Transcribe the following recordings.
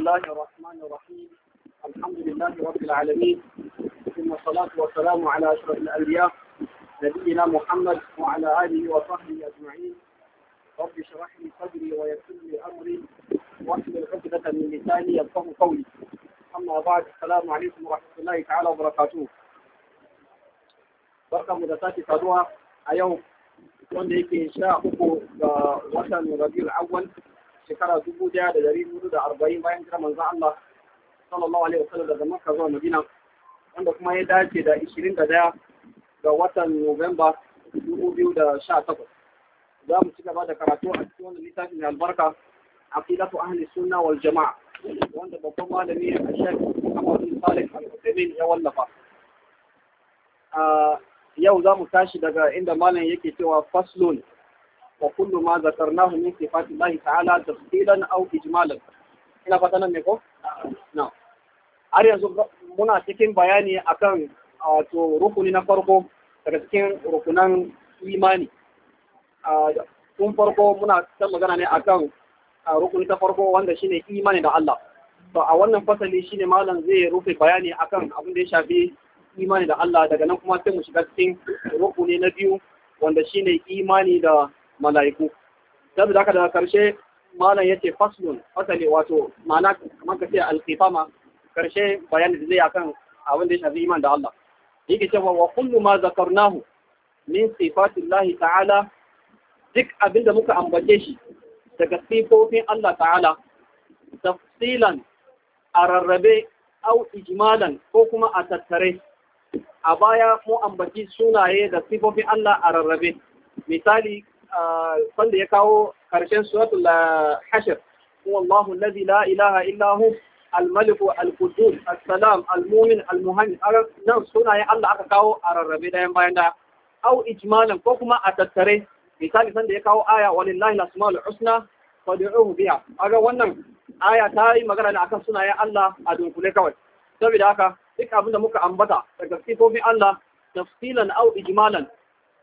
الله الرحمن الرحيم الحمد لله رب العالمين ثم الصلاة والسلام على أشرف الأنبياء نبينا محمد وعلى آله وصحبه أجمعين رب اشرح لي صدري ويسر لي أمري واحلل عقدة من لساني يفقه قولي أما بعد السلام عليكم ورحمة الله تعالى وبركاته بركة مدساتي صدوها اليوم wanda yake sha uku ga watan rabiul shekara dubu daya da dari hudu da arba'in bayan jira manzan Allah sallallahu alaihi wasallam daga Makka zuwa Madina wanda kuma ya dace da ishirin da daya ga watan Nuwamba dubu biyu da sha takwas. Za mu ci gaba da karatu a cikin wannan littafin mai albarka aqidatu ahli sunna wal jama'a wanda babban malami a shafi a bin Salih al ya wallafa. Yau za mu tashi daga inda malam yake cewa faslun وكل ما ذكرناه من صفات الله تعالى تفصيلا أو إجمالا ina fata nan ne ko? na har yanzu muna cikin bayani akan to rukuni na farko daga cikin rukunan imani tun farko muna ta magana ne akan rukuni ta farko wanda shine imani da Allah to a wannan fasali shine malam zai rufe bayani akan abin da ya shafi imani da Allah daga nan kuma sai mu shiga cikin rukuni na biyu wanda shine imani da mala'iku saboda haka daga karshe malam yace faslun fasali wato ma'ana kamar ka ce alqifama karshe bayani da zai akan abin da ya shafi iman da Allah yake cewa wa kullu ma zakarnahu min sifatillahi ta'ala duk abin da muka ambace shi daga sifofin Allah ta'ala tafsilan a rarrabe au ijmalan ko kuma a tattare a baya mu ambaci sunaye da sifofin Allah a rarrabe misali sanda ya kawo karshen suratul ah, hashr huwa Allahu alladhi la ilaha illahu hu al-malik al-qudus as-salam al-mu'min al-muhaimin nan sunayen Allah aka kawo a rarrabe dayan bayan da au ijmalan ko kuma a tattare misali sanda ya kawo aya walillahi al-asmaul husna fad'uhu biha aga wannan aya ta yi magana ne akan sunayen Allah a dunkule kawai saboda haka duk abin da muka ambata daga sifofin Allah tafsilan au ijmalan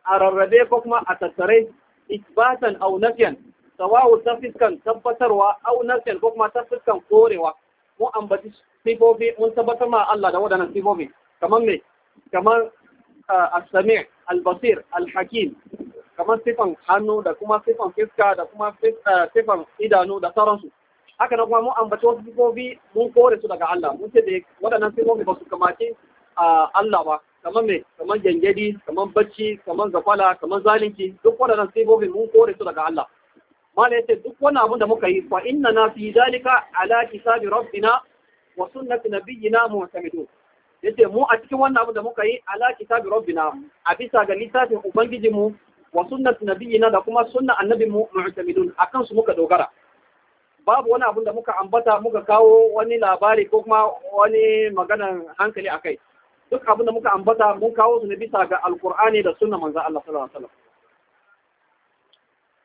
a rarrabe ko kuma a tattare ikbatan aw nafyan sawa'u ta fiskan tabbatarwa aw nafyan ko kuma ta fiskan korewa mun ambaci sifofi mun tabbatar ma Allah da waɗannan sifofi kamar me kamar as-sami' al-basir al-hakim kamar sifan hannu da kuma sifan fiska da kuma sifan idanu da sauransu haka na kuma mun ambaci wasu sifofi mun kore su daga Allah mun ce da waɗannan sifofi ba su kamace Allah ba kamar me kamar gyangyadi kamar bacci kamar zafala kamar zalunci duk waɗannan sifofin mun kore su daga Allah mala yace duk wani abin da muka yi fa inna na fi zalika ala kitabi rabbina wa sunnati nabiyyina mu'tamidun yace mu a cikin wannan abin da muka yi ala kitabi rabbina a bisa ga littafin ubangijinmu wa sunnati nabiyyina da kuma sunna mu mu'tamidun akan su muka dogara babu wani abin da muka ambata muka kawo wani labari ko kuma wani maganan hankali akai duk abin da muka ambata mun kawo su ne bisa ga alkur'ani da sunna manzan Allah sallallahu alaihi wasallam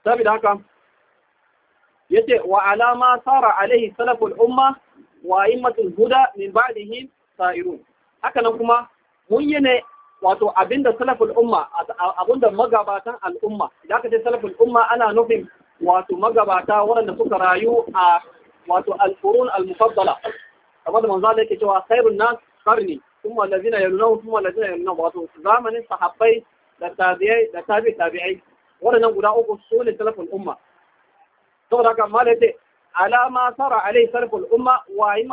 saboda haka yace wa alama sara alaihi salaful umma wa immatul huda min ba'dihi sa'irun haka nan kuma mun yi ne wato abinda salaful umma abinda magabatan al'umma idan aka ce salaful umma ana nufin wato magabata waɗanda suka rayu a wato al-qurun al-mufaddala kamar da manzo Allah yake cewa khairun nas qarni sun wallazina yalunahu sun wallazina yalunahu wato zamanin sahabbai da tabi'ai da tabi tabi'ai waɗannan guda uku su ne salafin umma saboda haka malai ce alama sara alai salafin umma wa yi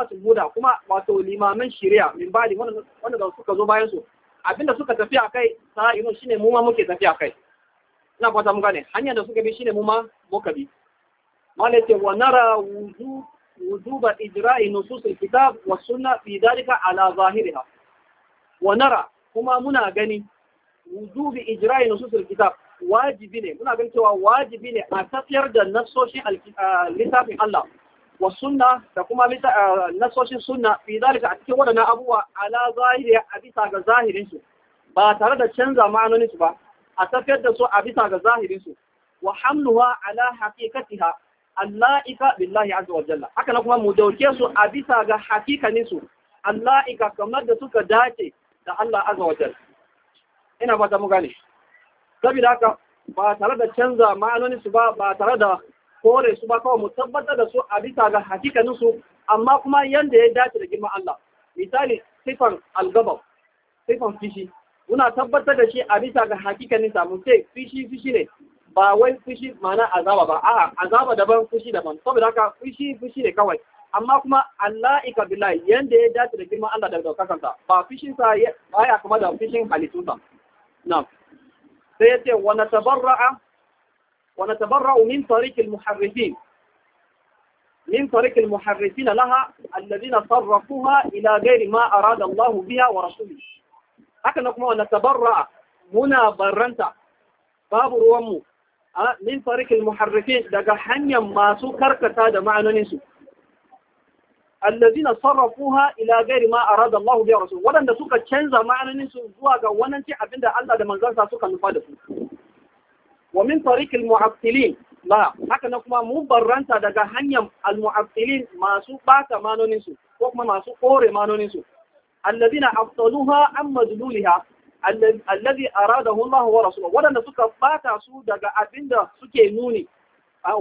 kuma wato limaman shari'a min bali wanda suka zo bayansu, abinda suka tafi a kai sa'irun shine mu ma muke tafi a kai ina fata mun gane hanyar da suka bi shine mu ma muka bi malai wa nara wujuba ijra'i nusus kitab wa sunna fi dalika ala zahiriha wa nara kuma muna gani wujubi ijra'i nususul kitab wajibi ne muna ganin cewa wajibi ne a tafiyar da nasoshin littafin Allah wa sunna da kuma nasoshin sunna fi zalika a cikin wadannan abubuwa ala zahiri a bisa ga zahirin su ba tare da canza ma'anonin su ba a tafiyar da su a bisa ga zahirin su wa hamluha ala haqiqatiha allaika billahi azza wa jalla haka na kuma mu dauke su a bisa ga hakikanin su allaika kamar da suka dace da Allah azza wa jalla ina ta mu gane saboda haka ba tare da canza ma'anoni su ba ba tare da kore su ba kawai mu tabbatar da su a bisa ga hakikanin amma kuma yanda ya dace da girman Allah misali sifan algabab sifan fishi muna tabbatar da shi a bisa ga hakikanin sa mu ce fishi fishi ne ba wai fushi ma'ana azaba ba a'a azaba daban fishi daban saboda aka fushi fishi ne kawai amma kuma Allah billahi yanda ya dace da girman Allah daga daukakansa ba fishin sa baya kuma da fishin halittunsa na'am sai yace wa natabarra'a wa natabarra'u min tariqil muharrifin من طريق المحرفين لها الذين ila إلى ma arada أراد biha wa ورسوله haka na kuma wanda tabarra muna barranta babu ruwanmu min tariqil muharrifin daga hanyar masu karkata da ma'anoninsu allazina sarrafuha ila ghairi ma arada Allah suka canza ma'anonin su zuwa ga wannan ce abinda Allah da manzansa suka nufa da su wa min tariq al mu'attilin la haka na kuma mu barranta daga hanyar al mu'attilin masu bata ma'anonin su ko kuma masu kore ma'anonin su allazina aftaluha an madlulha allazi aradahu Allah wa rasuluhu suka bata su daga abinda suke nuni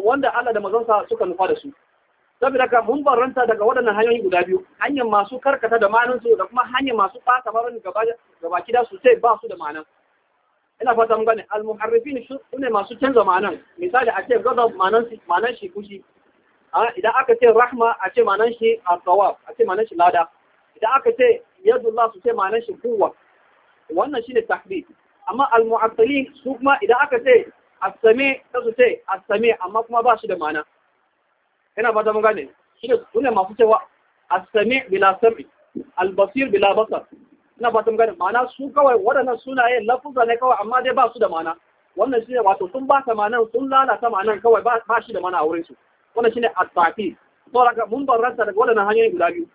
wanda Allah da manzansa suka nufa da su saboda ka mun baranta daga waɗannan hanyoyi guda biyu hanyar masu karkata da manan su da kuma hanyar masu fata barin gaba gida su sai ba su da manan ina fata mun gane al-muharrifin ne masu canza manan misali a ce gaza manan manan shi kushi idan aka ce rahma a ce manan shi at a ce manan shi lada idan aka ce yadullah su ce manan shi kuwa wannan shine tahrif amma al-mu'attilin su kuma idan aka ce as-sami su ce as-sami amma kuma ba shi da ma'ana. ina fata mun gane shine sunan masu cewa as bila sam'i Albasir bila basar ina fata mun gane ma'ana su kawai waɗannan sunaye lafuzza ne kawai amma dai ba su da ma'ana wannan shine wato sun ba ta ma'anar sun lalata ma'anar kawai ba shi da ma'ana a wurin su wannan shine at-tafi to daga mun barranta daga waɗannan hanyoyi guda biyu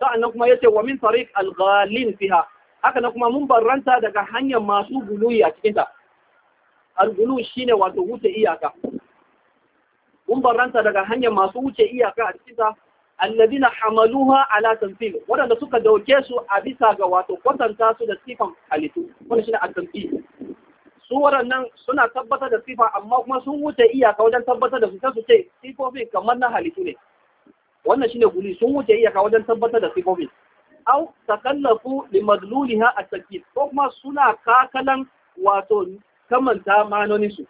sa'annan kuma yace wa min tariq al-ghalin fiha haka na kuma mun barranta daga hanyar masu guluyi a cikinta al-gulu shine wato wuce iyaka kun daga hanyar masu wuce iyaka a cikinta alladina hamaluha ala tamthil wadanda suka dauke su a bisa ga wato kwatanta su da sifan halittu wannan shine at-tamthil su wadannan suna tabbatar da sifa amma kuma sun wuce iyaka wajen tabbatar da su sai su ce sifofin kamar na halittu ne wannan shine guli sun wuce iyaka wajen tabbatar da sifofin au takallafu limadluliha at-takyif ko kuma suna kakalan wato kamanta manonin su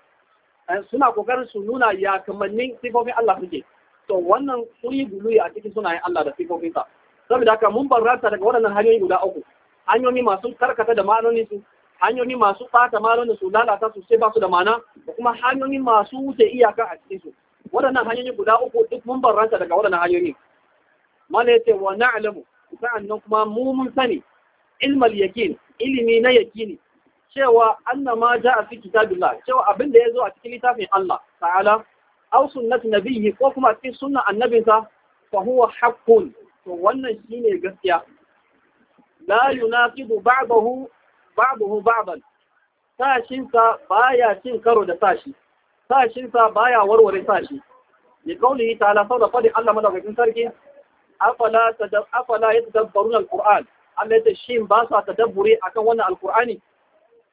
Eh, suna kokarin su nuna ya kamannin sifofin Allah suke to wannan sun yi guluyi a cikin sunayen Allah da sifofinsa saboda haka mun barranta daga waɗannan hanyoyi guda uku hanyoyi masu karkata da ma'anoni su hanyoyi masu ɓata ma'anoni su lalata su sai ba su da ma'ana da kuma hanyoyi masu wuce iyaka a cikin su waɗannan hanyoyi guda uku duk mun daga waɗannan hanyoyi mala yace wa na'lamu sa'annan kuma mu mun sani ilmal yakin ilimi na yakini cewa anna ma ja a fi kitabillah cewa abin da ya zo a cikin littafin Allah ta'ala aw sunnat nabiyyi ko kuma cikin sunna annabinsa fa huwa haqqun to wannan shine gaskiya la yunaqidu ba'dahu ba'dahu ba'dan sashin sa baya cin karo da sashi sashin sa baya warware sashi ni kaulihi ta'ala da fadin Allah madaukakin sarki afala tadab afala alquran Allah ya ce shin ba sa tadabbure akan wannan alqur'ani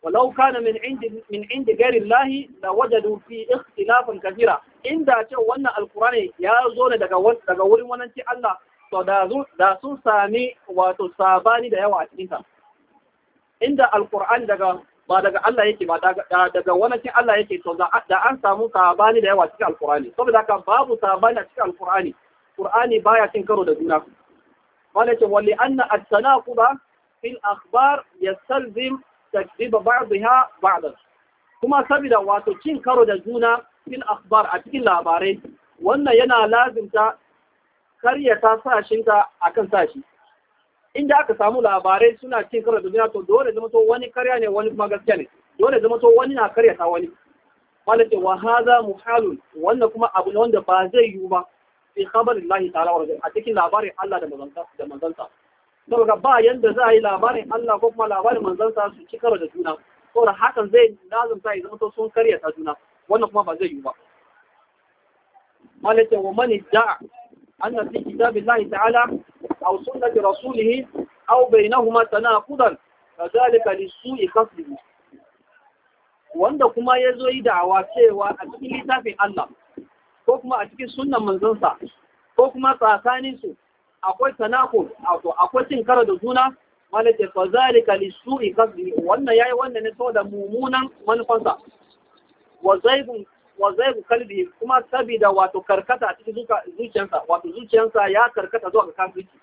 walau kana min indi min indi gari lahi da wajadu fi ikhtilafan kathira inda ce wannan alqur'ani ya zo ne daga daga wurin wannan ce Allah to da da sun sami wato sabani da yawa a cikin ta inda alqur'ani daga ba daga Allah yake ba daga wannan ce Allah yake to da an samu sabani da yawa a cikin alqur'ani saboda haka babu sabani a cikin alqur'ani qur'ani baya cin karo da juna wala ce wali anna at-tanaquba في الأخبار يستلزم takdiba ba'daha ba'da kuma saboda wato cin karo da juna fil akhbar a cikin labarai wannan yana lazimta karyata sashinta akan sashi inda aka samu labarai suna cin karo da juna to dole zama to wani karya ne wani kuma gaskiya ne dole zama to wani na karya ta wani malaka wa hadha muhalun wannan kuma abu ne wanda ba zai yiwu ba fi khabarillahi ta'ala wa a cikin labarin Allah da manzansa da manzansa saboda ba yanda za a yi labarin Allah ko kuma labarin manzansa su ci karo da juna da hakan zai lazumta ya zama sun karya ta juna wannan kuma ba zai yi ba malaka wa man da'a anna fi kitabillahi ta'ala aw sunnati rasulih aw bainahuma tanaqudan kadhalika lisu'i qasdihi wanda kuma ya zo yi da'awa cewa a cikin littafin Allah ko kuma a cikin sunnan manzansa ko kuma tsakaninsu akwai tanakul wato akwai cin karo da juna malaka fa zalika lisu'i qadri wannan yayi wannan ne saboda mumunan manufansa wa zaibu wa zaibu kalbi kuma sabida wato karkata cikin zuciyarsa wato zuciyarsa ya karkata zuwa ga kafirci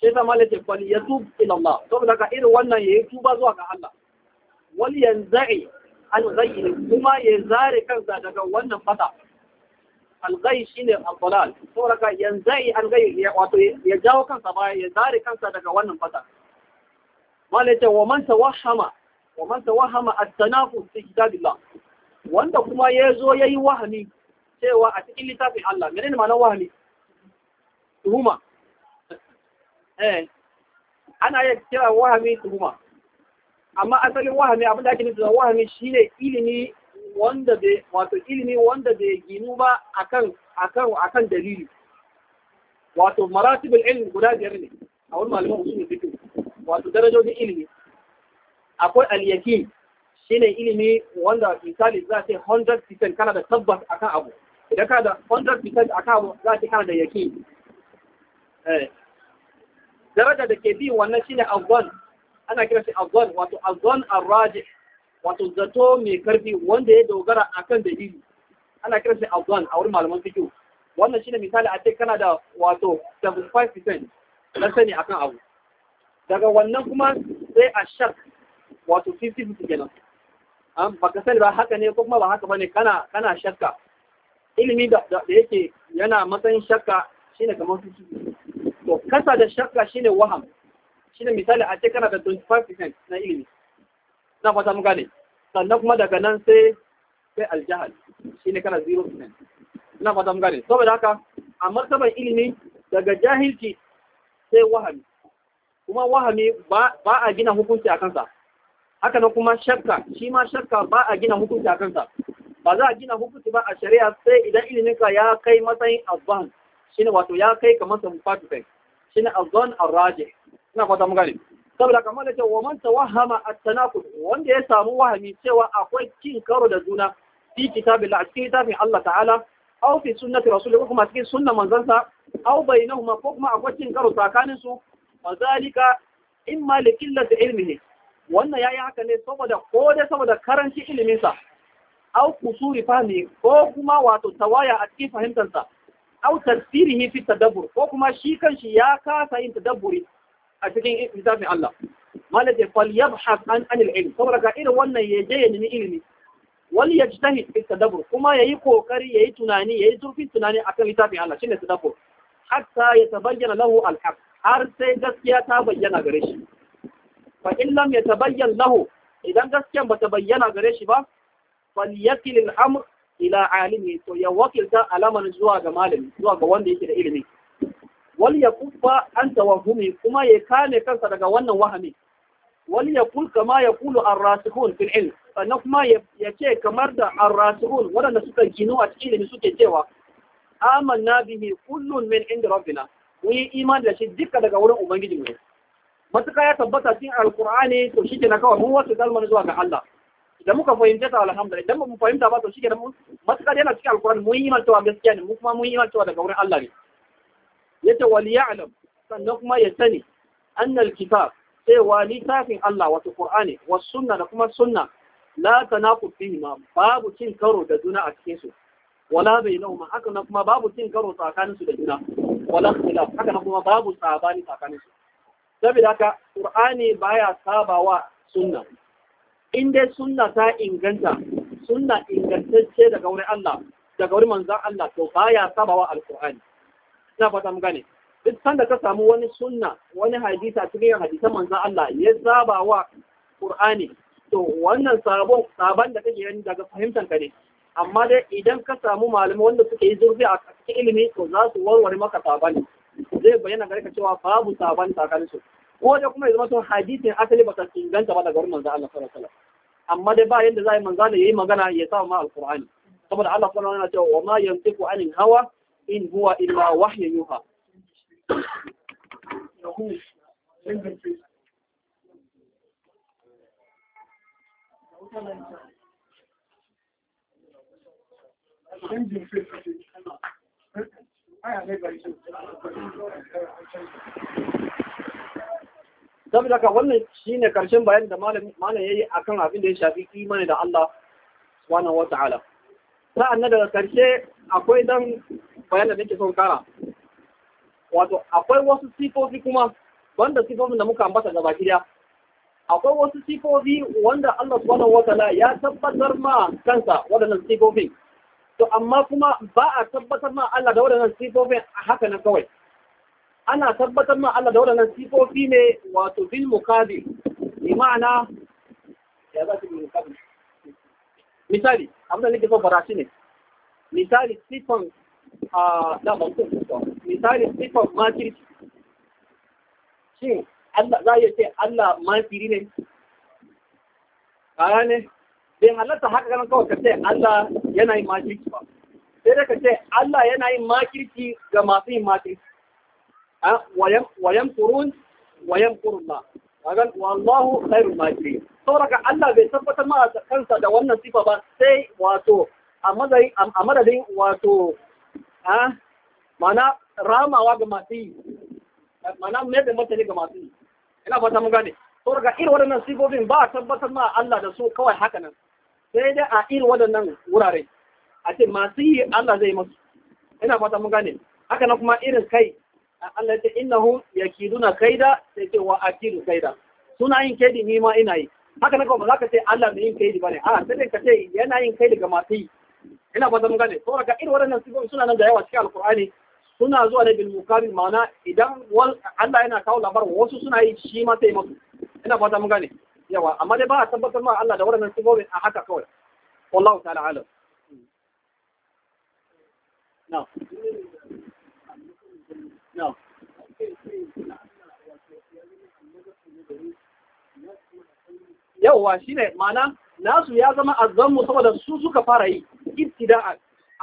sai ta malaka fa yatub ila Allah saboda ka irin wannan yayi tuba zuwa ga Allah wal yanza'i an zayyi kuma ya zare kansa daga wannan fata algai shine al-dalal saboda ka algai wato ya jawo kansa baya ya zare kansa daga wannan fata malaita wa man wahama, wa man tawahhama at-tanafus fi kitabillah wanda kuma ya zo ya yi wahami cewa a cikin littafin Allah menene ma'anar wahami tuhuma eh ana iya cewa wahami tuhuma amma asalin wahami abin da ake nufi da wahami shine ilimi wanda bai wato ilimi wanda bai ginu ba akan akan akan dalili wato maratibul ilmi guda biyar ne a wani malaman ne fiqh wato darajojin ilimi akwai al-yaqin shine ilimi wanda misali za ta 100% kana da tabbas akan abu idan kana da 100% akan abu za ta kana da yaqin eh daraja da ke bi wannan shine afwan ana kira shi afwan wato afwan ar-rajih wato zato mai karfi wanda ya dogara akan dalili ana kira shi abdan a wurin malaman fiqh wannan shine misali a ce kana da wato 75% na sani akan abu daga wannan kuma sai a shak wato 50-50 kenan an baka sani ba haka ne ko kuma ba haka bane kana kana shakka ilimi da yake yana matsayin shakka shine kamar 50 to kasa da shakka shine waham shine misali a ce kana da 25% na ilimi na fata muka gane sannan kuma daga nan sai sai aljahal ne kana zero nan na fata muka gane saboda haka a martaban ilimi daga jahilci sai wahami kuma wahami ba a gina hukunci a kansa haka nan kuma shakka shi ma shakka ba a gina hukunci a kansa ba za a gina hukunci ba a shari'a sai idan iliminka ya kai matsayin abban shine wato ya kai kamar sa mufatu kai shine azan arraji ina fata mun gane saboda kamar da wa man tawahama at-tanaqud wanda ya samu wahami cewa akwai cin karo da juna fi kitabillah a cikin Allah ta'ala aw fi sunnati rasulih ko kuma cikin sunnan manzon sa aw bainahuma ko kuma akwai cin karo tsakanin su wa zalika imma li qillati ilmihi wannan yayi haka ne saboda ko dai saboda karanci ilimin sa aw kusuri fahmi ko kuma wato tawaya a cikin fahimtar sa aw tafsirihi fi tadabbur ko kuma shi kanshi ya kasa yin tadabburi a cikin littafin Allah malam ce fal yabhas an anil ilm saboda ka irin wannan ya je ya nemi ilimi wal yajtahid fi tadabbur kuma yayi kokari yayi tunani yayi zurfin tunani akan littafin Allah shine tadabbur hatta bayyana lahu al har sai gaskiya ta bayyana gare shi fa in lam yatabayyan lahu idan gaskiyan bata bayyana gare shi ba fal yakil amr ila alimi to ya wakilta alaman zuwa ga malami zuwa ga wanda yake da ilimi wal ya yakuffa an tawahumi kuma ya kame kansa daga wannan wahami wal yakul kama ya ar-rasikhun fil ilm sannan kuma ya ce kamar da ar-rasikhun wadanda suka ginu a cikin ilimi suke cewa amanna bihi kullun min inda rabbina mun yi imani da shi duka daga wurin ubangiji mu matuka ya tabbata cikin alqur'ani to shi na kawai mun wasu kalmar zuwa ga Allah idan muka fahimta ta alhamdulillah idan mu fahimta ba to shi kenan matuka yana cikin alqur'ani mun yi imani cewa gaskiya ne mu kuma mun yi imani cewa daga wurin Allah ne yace wal ya'lam sannan kuma ya sani annal kitab cewa littafin Allah wato Qur'ani was sunna da kuma sunna la tanaqud fihi ma babu cin karo da juna a cikin su wala bainahuma haka na kuma babu cin karo tsakanin su da juna wala ikhtilaf haka na kuma babu tsabani tsakanin su saboda haka Qur'ani baya sabawa sunna in dai sunna ta inganta sunna ingantacce daga wurin Allah daga wurin manzon Allah to baya sabawa al ina fata mun gane duk sanda ka samu wani sunna wani hadisa cikin hadisan manzon Allah ya zaba wa Qur'ani to wannan sabon saban da kake yin daga fahimtar ka ne amma dai idan ka samu malamai wanda suke yi zurfi a cikin ilimi to za su warware maka sabani zai bayyana gare ka cewa babu sabani tsakanin ko da kuma ya zama to hadisin asali ba ta inganta ba daga wurin manzon Allah sallallahu alaihi wasallam amma dai ba yanda za a yi manzon ya yi magana ya sa ma al alqur'ani saboda Allah sallallahu alaihi wasallam yana cewa wa ma yantiqu anil hawa إن هو إلا وحي يوحى saboda ka wannan shine karshen bayan da malam yayi akan abin da ya shafi imani da Allah subhanahu wata'ala sa'an nan daga karshe akwai dan bayanin da nake son kara wato akwai wasu sifofi kuma banda sifofin da muka ambata gaba gida akwai wasu sifofi wanda Allah subhanahu wataala ya tabbatar ma kansa waɗannan sifofin to amma kuma ba a tabbatar ma Allah da waɗannan sifofin a haka nan kawai ana tabbatar ma Allah da waɗannan sifofi ne wato bil muqabil bi ma'ana ya za bil muqabil misali abin da nake so fara shi ne misali sifon a na masu misali sifan makirci shin Allah za ya ce Allah makiri ne kaya ne bai halatta haka ganin kawai ka ce Allah yana yin makirci ba sai da ka ce Allah yana yin makirci ga masu yin makirci wayan kurun wayan kurun ba kagan wallahu khairul makirin sauraka Allah bai tabbatar ma kansa da wannan sifa ba sai wato a madadin wato mana ramawa ga masu yi mana mebe da ga masu yi ina fata mun gane to daga irin waɗannan sigofin ba a tabbatar ma Allah da su kawai haka nan sai dai a irin waɗannan wurare a ce masu yi Allah zai masu ina fata mun gane haka nan kuma irin kai Allah ya ce innahu yakiduna kaida sai ce wa akidu kaida suna yin kaidi ni ma ina yi haka nan kuma ba za ka ce Allah mai yin kaidi bane a sai ka ce yana yin kaidi ga masu yi ina ba zama gane saboda ga irin waɗannan sifofi suna nan da yawa cikin alkur'ani suna zuwa ne bil mukabil ma'ana idan Allah yana kawo labar wasu suna yi shi ma sai musu ina ba zama gane yawa amma dai ba a tabbatar ma Allah da waɗannan sifofin a haka kawai wallahu ta'ala alam na na yawwa shine ma'ana nasu ya zama azammu saboda su suka fara yi ibtida'a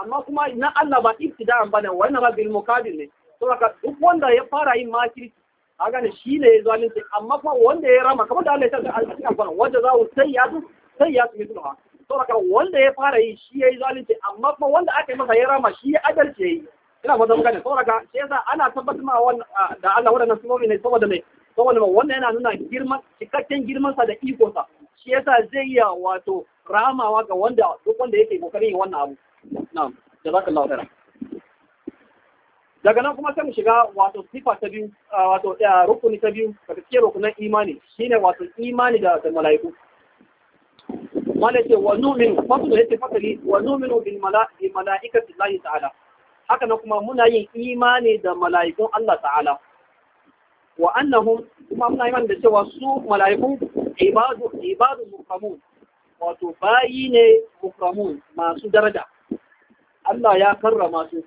amma kuma na Allah ba ibtida'an bane wannan ba bil muqabil ne saboda duk wanda ya fara yin makirci kaga ne shi ne zalunci amma fa wanda ya rama kamar da Allah ya tsaka a cikin alquran wanda za su sai ya su sai ya su misluha saboda wanda ya fara yi shi yayi zalunci amma fa wanda aka yi masa ya rama shi ya adalci yayi ina fata muka ne saboda shi yasa ana tabbatar ma da Allah wannan sunomi ne saboda me saboda wannan yana nuna girman cikakken girman sa da iko sa shi yasa zai iya wato ramawa ga wanda duk wanda yake kokarin wannan abu na'am jazakallahu khairan daga nan kuma sai mu shiga wato sifa ta biyu wato rukuni ta biyu daga cikin rukunan imani shine wato imani da da mala'iku wanda ce wa nu'minu fasu da yake fasali wa nu'minu bil mala'i mala'ikati Allah ta'ala haka nan kuma muna yin imani da mala'ikun Allah ta'ala wa annahum kuma muna imani da cewa su mala'ikun ibadu ibadu mukramun wato bayi ne mukamun masu daraja Allah ya karrama su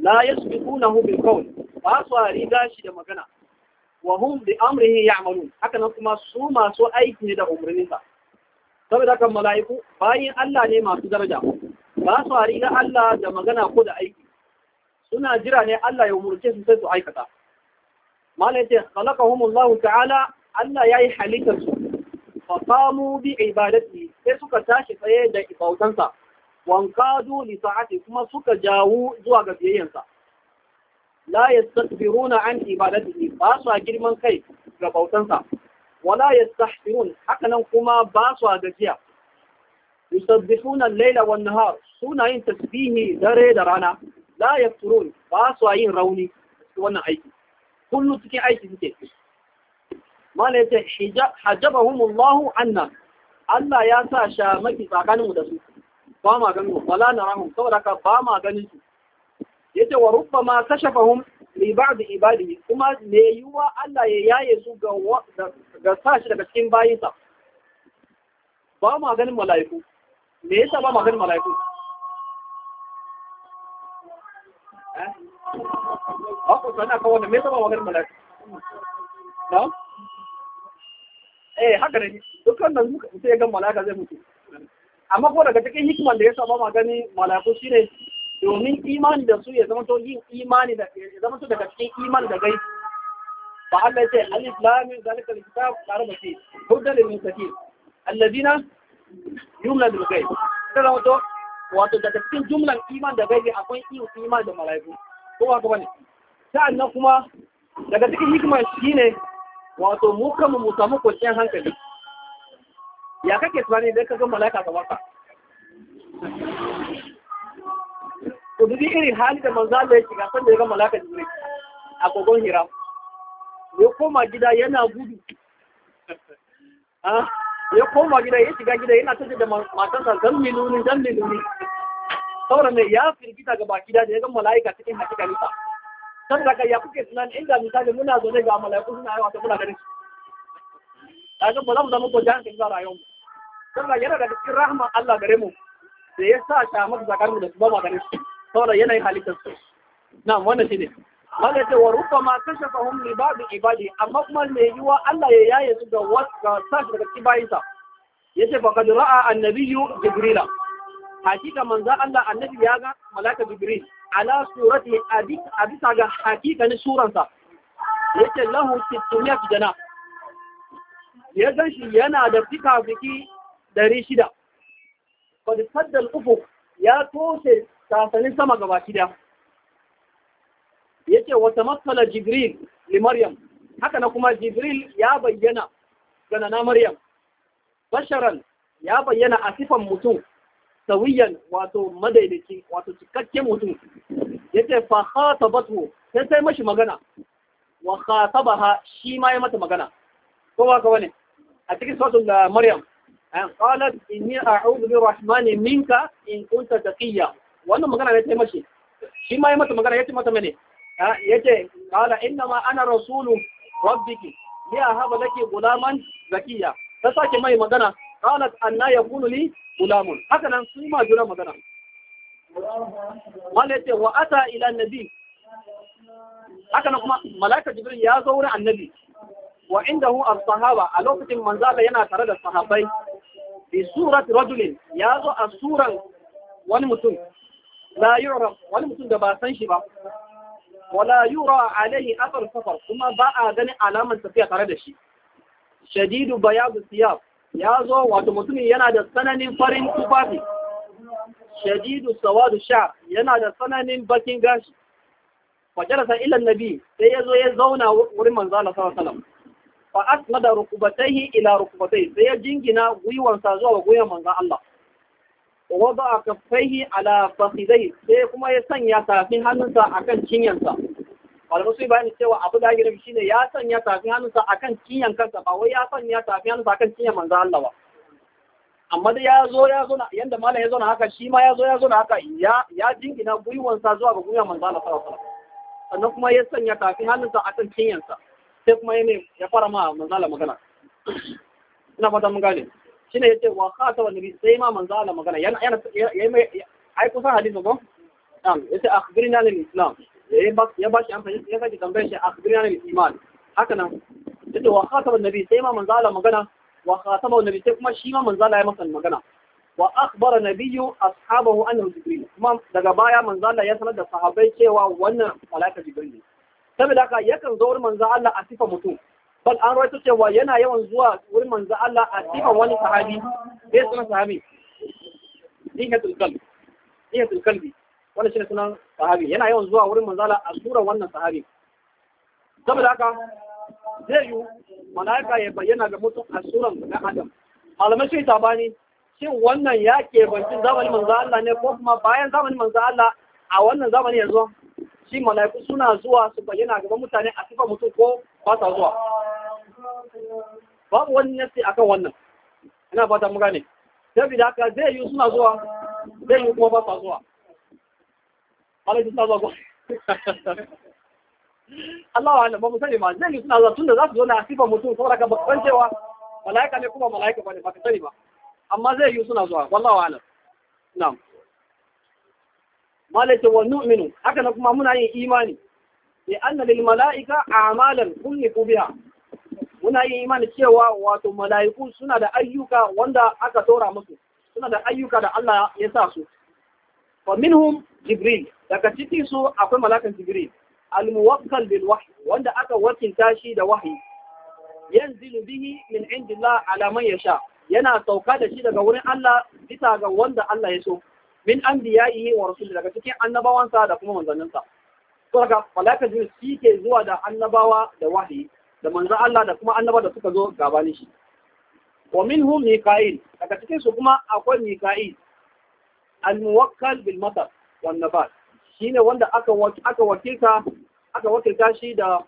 la yasbiqunahu bil qawl ba su riga shi da magana wa hum bi amrihi ya'malun haka nan kuma su masu aiki ne da umarninsa saboda kan mala'iku bayin Allah ne masu daraja ba su riga Allah da magana ko da aiki suna jira ne Allah ya umurce su sai su aikata malai ce khalaqahum Allah ta'ala Allah ya yi halittarsu su fa bi ibadati sai suka tashi tsaye da bautansa wanka li sa'ati kuma suka jawo zuwa ga biyayyansa la yastakbiruna an ibadatihi ba su girman kai ga bautansa wala yastahsirun hakanan kuma ba su gajiya yusabbihuna laila wa nahar suna yin tasbihi dare da rana la yafturun ba su yin rauni wannan aiki kullum cikin aiki suke mana yace hajabahumullahu anna Allah ya sa sha maki tsakaninmu da su ba ma ganin mu wala narahum saboda ka ba ma ganin su yace wa rubbama kashafahum li ba'd ibadihi kuma me yiwa Allah ya yaye su ga ga shi daga cikin bayinsa ba ma ganin mala'iku me yasa ba ma ganin mala'iku eh? ako sana ka wanda me yasa ba ma ganin mala'iku na eh haka ne dukkan da sai ya ga malaka zai mutu amma ko daga cikin hikimar da ya saba ma gani malaku shine domin imani da su ya zama to yin imani da ya zama to daga cikin iman da gai. fa Allah ya ce alif lam mim zalika alkitab qaraba fi hudan lil muttaqin alladina yumla bil ghaib sai wato wato daga cikin jumlan iman da gaibi akwai yin iman da malaiku ko haka bane sa'annan kuma daga cikin hikimar shine wato mu kama mu samu kwanciyar hankali ya kake tunani da ka ga malaka kamar ka ku dubi irin hali da manzala ya shiga san da ya ga malaka jibril a kogon hira ya koma gida yana gudu ah, ya koma gida ya shiga gida yana tafi da matansa zan miluni zan miluni sauran mai ya firgita ga baki da ya ga mala'ika cikin hakikalisa kan da ya kuke tunani inda misali muna zaune ga mala'iku suna yawa ta muna ganin kaga ba za mu zama kwanciyar hankali ba rayuwar mu sannan yana da cikin rahama Allah gare mu da ya sa shamar zakar mu da su ba ma gare su saboda yanayin halittar su na wannan ne. wanda ce wa rufa ma kashe hum li ba'd ibadi amma kuma me yiwa Allah ya yaye su ga wasu sashi daga cikin bayinsa yace fa kad Annabi annabiyyu jibrila hakika manzo Allah annabi ya ga malaka jibril ala surati abik abisa ga hakika ne suransa yake lahu 600 jana ya ga shi yana da fikafiki 600 qad sadda al-ufuq ya tose sasanin sama gaba kida yace wata tamassala jibril li maryam haka na kuma jibril ya bayyana ga maryam basharan ya bayyana a sifan mutum sawiyan wato madaidaci wato cikakken mutum yace fa khatabatu sai sai mashi magana wa khatabaha shi ma ya mata magana ko ba ka bane a cikin suratul uh, maryam an eh, qalat inni a'udhu rahmani minka in kunta taqiya wannan magana ne sai mashi shi ma ya mata magana yace mata mene eh, yace qala inna ma ana rasulu rabbiki ya haba laki gulaman zakiya ta sake mai magana qalat anna yakunu li gulamun haka nan su ma juna magana malai ce wa ata ila nabi haka nan kuma malaika jibril ya zo wurin annabi wa indahu as-sahaba a lokacin manzala yana tare da sahabbai bi surati rajulin ya zo a suran wani mutum la yura wani mutum da ba san shi ba wala yura alaihi athar safar kuma ba a ganin alamar tafiya tare da shi shadidu bayadu siyab ya zo wato mutumin yana da tsananin farin tufafi shadidu sawadu sha yana da tsananin bakin gashi sa ilan nabi sai ya zo ya zauna wurin manzo Allah sallallahu alaihi wasallam fa asmada rukubatayhi ila rukubatayhi sai ya jingina sa zuwa gwiwan manzo Allah wa wada'a kaffaihi ala fakhidayhi sai kuma ya sanya tafin hannunsa akan cinyansa malamai sun bayani cewa abu da girin shine ya sanya tafin hannunsa akan kinyan kansa ba wai ya sanya tafin hannunsa akan kiyan manzo Allah ba amma da ya zo ya zo yanda malam ya zo na haka shi ma ya zo ya zo na haka ya ya jingina sa zuwa ga guyuwan manzo Allah sallallahu alaihi wasallam sannan kuma ya sanya tafin hannunsa akan sa sai kuma yene ya fara ma manzo Allah magana ina fata mun gane shine yace wa wa nabi sai ma manzo Allah magana yana yana ai kusan hadisi ba am yace akhbirina lil islam ya ba shi amfani ya sake tambayar shi a akhbirna bil iman haka nan yace wa khataban nabi sai ma Manzala Allah magana wa khataban nabi sai kuma shi ma Manzala Allah ya masa magana wa akhbara nabiyyu ashabahu annahu jibril kuma daga baya Manzala ya sanar da sahabbai cewa wannan malaika jibril ne saboda haka yakan zo wurin manzo Allah a sifa mutum bal an rawaito cewa yana yawan zuwa wurin manzo Allah a sifa wani sahabi sai sunan sahabi dihatul qalbi dihatul qalbi wannan ne sunan sahabi yana yawan zuwa wurin manzala a sura wannan sahabi saboda haka zai yi mala'ika ya bayyana ga mutum a suran na adam malamai sun tabani shin wannan ya ke kebanci zamanin manzo Allah ne ko kuma bayan zamanin manzo Allah a wannan zamanin yanzu shi mala'iku suna zuwa su bayyana ga mutane a tufa mutum ko ba sa zuwa babu wani nasi akan wannan ina fata mu gane da haka zai yi suna zuwa zai yi kuma ba sa zuwa alaihi suna wa ba kuma mala'ika ne ba ka sani ba amma zai yi suna zuwa wallahu wa nu'minu haka na kuma muna yin imani li anna lil mala'ika a'malan kulliqu biha muna yin imani cewa wato mala'iku suna da ayyuka wanda aka tora musu suna da ayyuka da Allah ya sa su fa minhum jibril daga cikinsu su akwai malakan jibril al-muwakkal bil wahyi wanda aka wakilta shi da wahyi yanzilu bihi min indillah ala man yasha yana sauka da shi daga wurin Allah bisa ga wanda Allah ya so min anbiya'ihi wa rasuli daga cikin annabawansa da kuma manzanninsa to daga malakan jibril ke zuwa da annabawa da wahyi da manzan Allah da kuma annaba da suka zo gabanin shi wa minhum mika'il daga cikin su kuma akwai mika'il al-muwakkal bil matar shine wanda aka wakilta aka wakilta shi da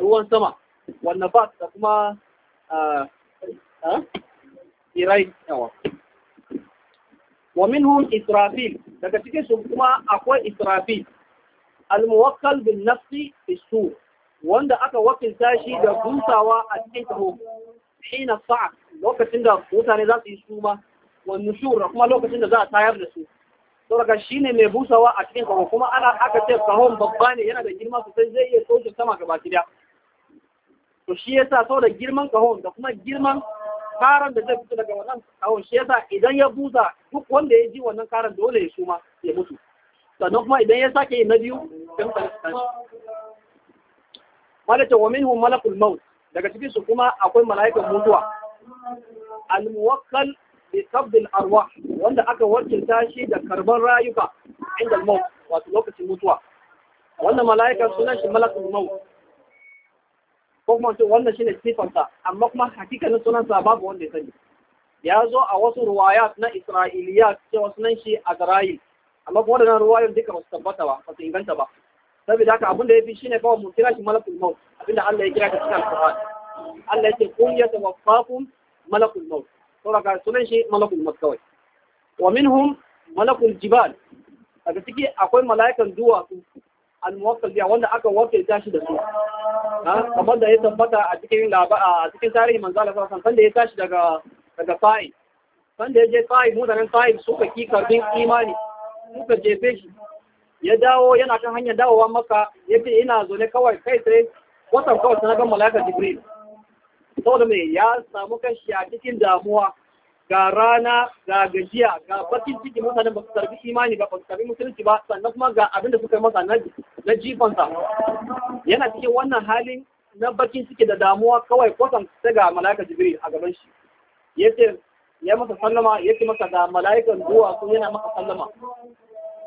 ruwan sama wannan ba da kuma irai yawa wa minhum israfil daga cikin su kuma akwai israfil al bin nafsi isu wanda aka wakilta shi da busawa a cikin taho hina sa'a lokacin da mutane za su yi suma wa nushur kuma lokacin da za a tayar da su saboda shi ne mai busawa a cikin kawo kuma ana aka ce kahon babba ne yana da girma sosai zai iya soke sama gaba da to shi ya sa da girman kahon da kuma girman karan da zai fito daga wannan kahon shi ya sa idan ya busa duk wanda ya ji wannan karan dole ya suma ya mutu sannan kuma idan ya sake yi na biyu dan malaka wa minhum malakul maut daga cikin su kuma akwai mala'ikan mutuwa al muwakkal bi qabdil arwah wanda aka wakilta shi da karban rayuka inda al wato lokacin mutuwa wannan mala'ikan sunan shi malakul maut ko kuma to wannan ne sifansa amma kuma hakikanin sunansa babu wanda ya sani ya zo a wasu ruwayat na isra'iliyat cewa sunan shi azrail amma kuma wadannan ruwayoyin duka ba su tabbata ba ba su inganta ba saboda haka abin da ya fi shi ne kawai mu kira shi malakul maut abinda Allah ya kira ka cikin alqur'ani Allah ya ce kun yatawaffakum malakul maut saboda sunan shi malakul maut kawai wa minhum malakul jibal daga ciki akwai mala'ikan duwatsu al-muwakkal biya wanda aka wakilta shi da su kamar da ya tabbata a cikin a cikin tarihi manzo Allah sallallahu alaihi wasallam da ya tashi daga daga Taif sanda ya je Taif mutanen Taif suka ki karbin imani suka jefe shi ya dawo yana kan hanyar dawowa maka yace ina zo ne kawai kai sai watan kawai sai ga mala'ika Jibril saboda ya samu kashi a cikin damuwa ga rana ga gajiya ga bakin ciki mutanen ba su tarbi imani ba ba su tarbi musulunci ba sannan kuma ga abin da suka yi masa na jifansa yana cikin wannan halin na bakin ciki da damuwa kawai kwatan ta ga mala'ika jibril a gaban shi ce ya masa sallama ya ce masa ga mala'ikan zuwa yana masa sallama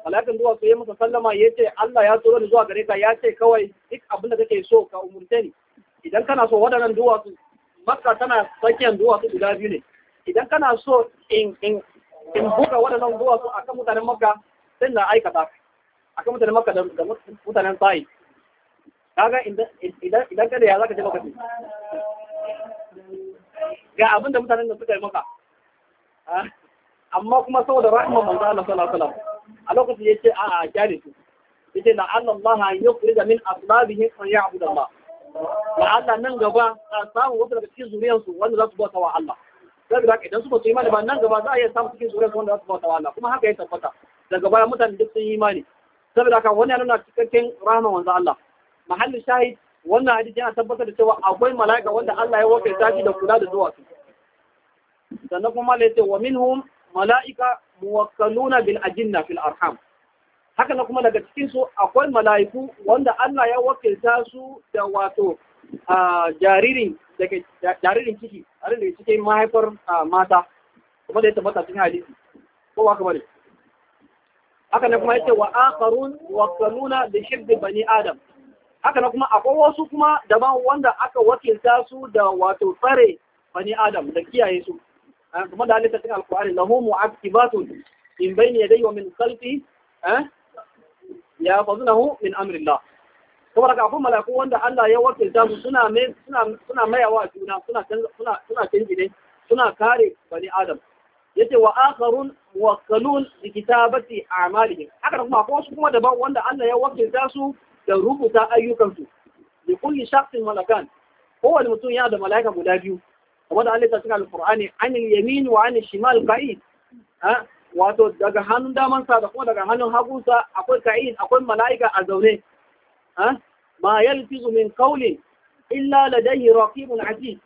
mala'ikan zuwa ya masa sallama ya ce Allah ya tsoro ni zuwa gare ka Ya ce kawai duk abin da kake so ka umurce ni idan kana so waɗannan duwatsu makka tana tsakiyar duwatsu guda biyu ne idan kana so in in in buga waɗannan duwatsu akan mutanen makka sai na aikata akan mutanen makka da mutanen tsayi kaga idan idan kada ya zaka je lokaci ga abin da mutanen da suka yi maka ah, amma kuma saboda rahmar manzo Allah sallallahu alaihi wasallam a lokacin yace a a kyale su yace la Allah ya yukhrija min aslabihim an ya'budu Allah da Allah nan gaba a samu wasu daga cikin zuriyarsu wanda za su bauta wa Allah saboda haka idan suka yi imani ba nan gaba za a iya samun cikin zuriyarsu wanda za su bauta wa Allah kuma haka ya tabbata daga baya mutane duk sun yi imani saboda haka wani ya nuna cikakken rahama wanzu Allah mahallin shahid wannan hadisi yana tabbatar da cewa akwai mala'ika wanda Allah ya wakilta shi da kula da zuwa duwatsu sannan kuma malai ce wa minhum mala'ika muwakkaluna bil ajinna fil arham haka na kuma daga cikin su akwai mala'iku wanda Allah ya wakilta su da wato jaririn daga jaririn ciki har da cikin mahaifar mata kuma da ya tabbata cikin hadisi ko ba kamar haka na kuma yace wa akharun wa kanuna da shibbi bani adam haka na kuma akwai wasu kuma daban wanda aka wakilta su da wato tsare bani adam da kiyaye su kuma da halitta cikin alqur'ani lahu mu'aqibatun in bayni yadayhi wa min khalfi eh ya fazunahu min amrillah saboda ka kuma malaku wanda Allah ya wakilta su suna suna suna mayawa juna suna suna suna canji ne suna kare bani adam yace wa akharun muwakkalun bi kitabati a'malihim haka kuma akwai wasu kuma daban wanda Allah ya wakilta su da rubuta ayyukansu li kulli shakhsin malakan kowane mutum yana da mala'ika guda biyu da Allah ta cikin alqur'ani anil yamin wa anil shimal qa'id wato daga hannun damansa da kuma daga hannun hagunsa akwai ka'in akwai mala'ika a zaune ma yalfizu min qawli illa ladayhi raqibun atid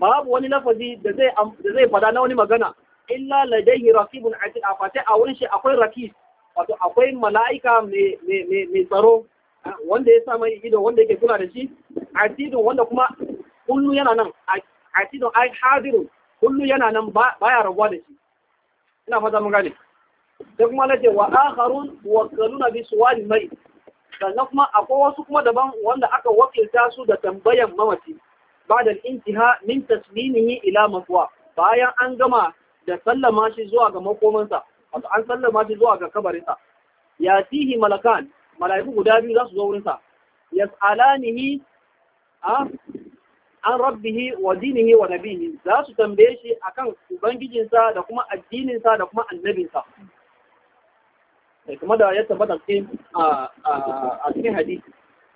babu wani lafazi da zai da zai fada na wani magana illa ladayhi raqibun atid a fate a wurin shi akwai raqib wato akwai mala'ika mai tsaro wanda ya sa mai ido wanda yake kula da shi atidun wanda kuma kullu yana nan atidun ai hadirun kullu yana nan baya rabuwa da shi ina fata mun gane sai kuma nace wa akharun wakaluna bi suwal mai sannan kuma akwai wasu kuma daban wanda aka wakilta su da tambayan mamaci bada da intiha min taslimihi ila maswa bayan an gama da sallama shi zuwa ga makomansa wato an sallama shi zuwa ga kabarinsa yatihi malakan mala'iku guda biyu za su zo wurinsa yas'alanihi a ah, an rabbihi wa dinihi wa nabihi za su tambaye shi akan ubangijinsa da kuma addininsa da kuma annabinsa da kuma da ya tabbata a cikin hadisi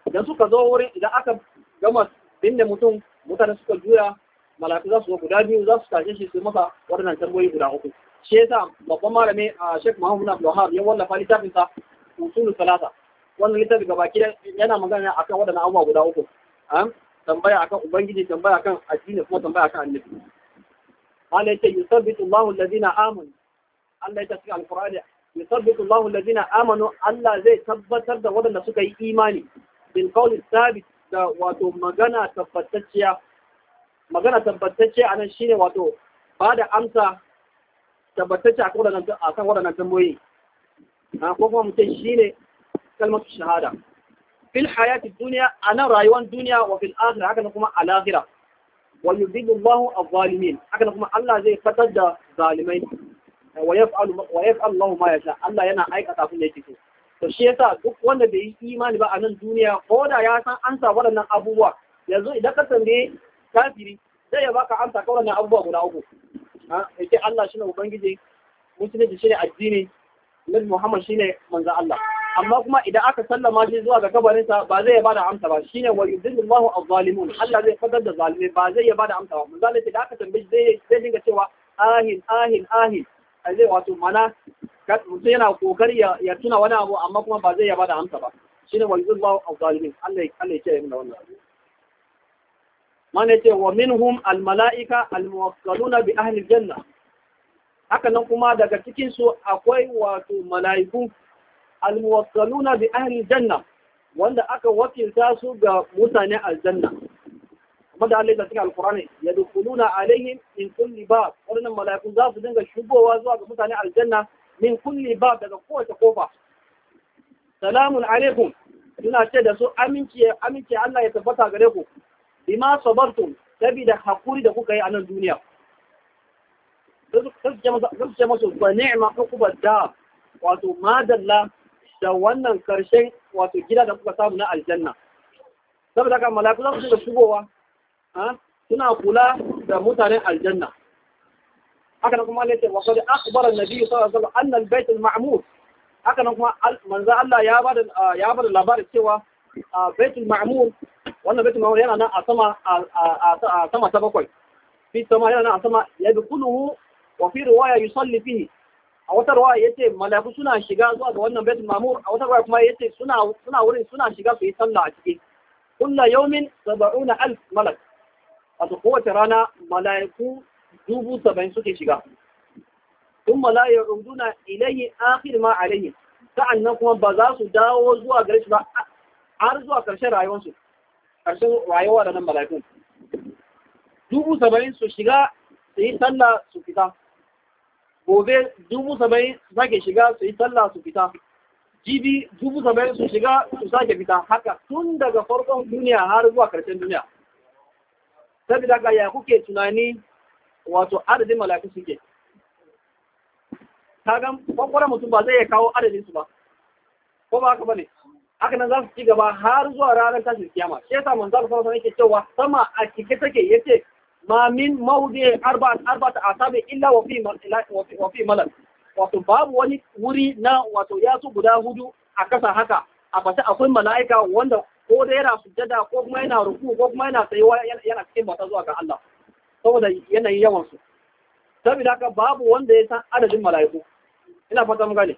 idan suka zo wurin idan aka gama binne mutum mutane suka juya malafi za su guda biyu za su tashe shi su masa waɗannan tambayoyi guda uku shi sa babban malami a Sheikh Muhammad Abdul ya wallafa littafinsa, sa salata Salasa wannan littafi gaba ki yana magana akan waɗannan abubuwa guda uku tambaya akan ubangiji tambaya akan addini kuma tambaya akan annabi Allah yake yusabbitu Allahu alladhina amanu Allah yake cikin alqur'ani yusabbitu Allahu alladhina amanu Allah zai tabbatar da waɗanda suka yi imani bil qawli sabit da wato magana tabbatacciya magana tabbatacciya anan shine wato ba da amsa tabbatacce akan wadannan akan waɗannan tambayoyi ah, ko kuma mutai shine kalmar shahada fil hayati duniya a nan rayuwar duniya wa fil akhirah haka kuma a lahira wa yudhillu Allahu adh-dhalimin haka kuma Allah zai fatar da zalimai wa yaf'alu wa yaf'alu Allahu ma yasha Allah yana aikata abin da yake so to shi yasa duk wanda bai yi imani ba a nan duniya ko da ya san an sa waɗannan abubuwa yanzu idan ka tambaye kafiri zai ya baka amsa ka waɗannan abubuwa guda uku yake Allah shine ubangiji musulunci shine addini Nabi Muhammad shine manzo Allah amma kuma idan aka sallama shi zuwa ga kabarinsa ba zai ya bada amsa ba shine wa yudillullahu az-zalimun Allah zai fadar da zalimi ba zai ya bada amsa ba mun zalunci da aka tambaye zai zai dinga cewa ahin ahin ahin zai wato mana mutum yana kokari ya tuna wani abu amma kuma ba zai ya bada amsa ba shine wa yudillullahu az zalimun Allah Allah ya kiyaye mu da wannan mana ce wa minhum al-mala'ika al-muwakkaluna bi ahli al-janna haka nan kuma daga cikin su akwai wato mala'iku almuwakkaluna bi ahli janna wanda aka wakilta su ga mutane aljanna kuma da Allah ya cikin alqur'ani dukuluna alaihim min kulli bab wannan mala'ikun za su dinga shigowa zuwa ga mutane aljanna min kulli bab daga kowace kofa salamun alaikum suna ce da su aminci aminci Allah ya tabbata gare ku bima sabartum saboda hakuri da kuka yi a nan duniya sai su ce masa ba ni'ma da wato madalla da wannan karshen wato gida da kuka samu na aljanna saboda haka mala'iku za su da shigowa suna kula da mutanen aljanna haka nan kuma laifin wasu da akbara nabi sallallahu alaihi wasallam annal baitul ma'mur haka nan kuma manzo Allah ya bada ya bada labarin cewa baitul ma'mur wannan baitul ma'mur yana nan a sama a sama ta bakwai fi sama yana nan a sama ya bi kuluhu wa fi riwaya yusalli fihi a wata ruwa ce malafi suna shiga zuwa ga wannan baitul mamur a wata ruwa kuma ya ce suna wurin suna shiga su yi sallah a ciki yaumin saba'una 70000 malak wato kowace rana malaiku dubu saba'in suke shiga sun malayar runduna ilayi akhir ma alayhi sa'an nan kuma ba za su dawo zuwa gare shi ba har zuwa ƙarshen rayuwarsu karshen rayuwa da nan malaikun dubu saba'in su shiga su yi sallah su fita gobe dubu saba'in su sake shiga su yi sallah su fita jibi dubu saba'in su shiga su sake fita haka tun daga farkon duniya har zuwa karshen duniya saboda ga ya kuke tunani wato adadin mala'iku suke kagan kwakwara mutum ba zai ya kawo adadin su ba ko ba haka bane haka nan za su ci gaba har zuwa ranar tashin kiyama shi yasa manzo Allah sallallahu alaihi wasallam cewa sama a kike take yace ma min mawdi arba'at arba'at asabi illa wa fi wa fi malak wato babu wani wuri na wato yasu guda hudu a kasa haka a fata akwai mala'ika wanda ko da yana sujjada ko kuma yana ruku ko kuma yana tsayuwa yana cikin bata zuwa ga Allah saboda yanayin yawan su saboda haka babu wanda ya san adadin mala'iku ina fata mun gane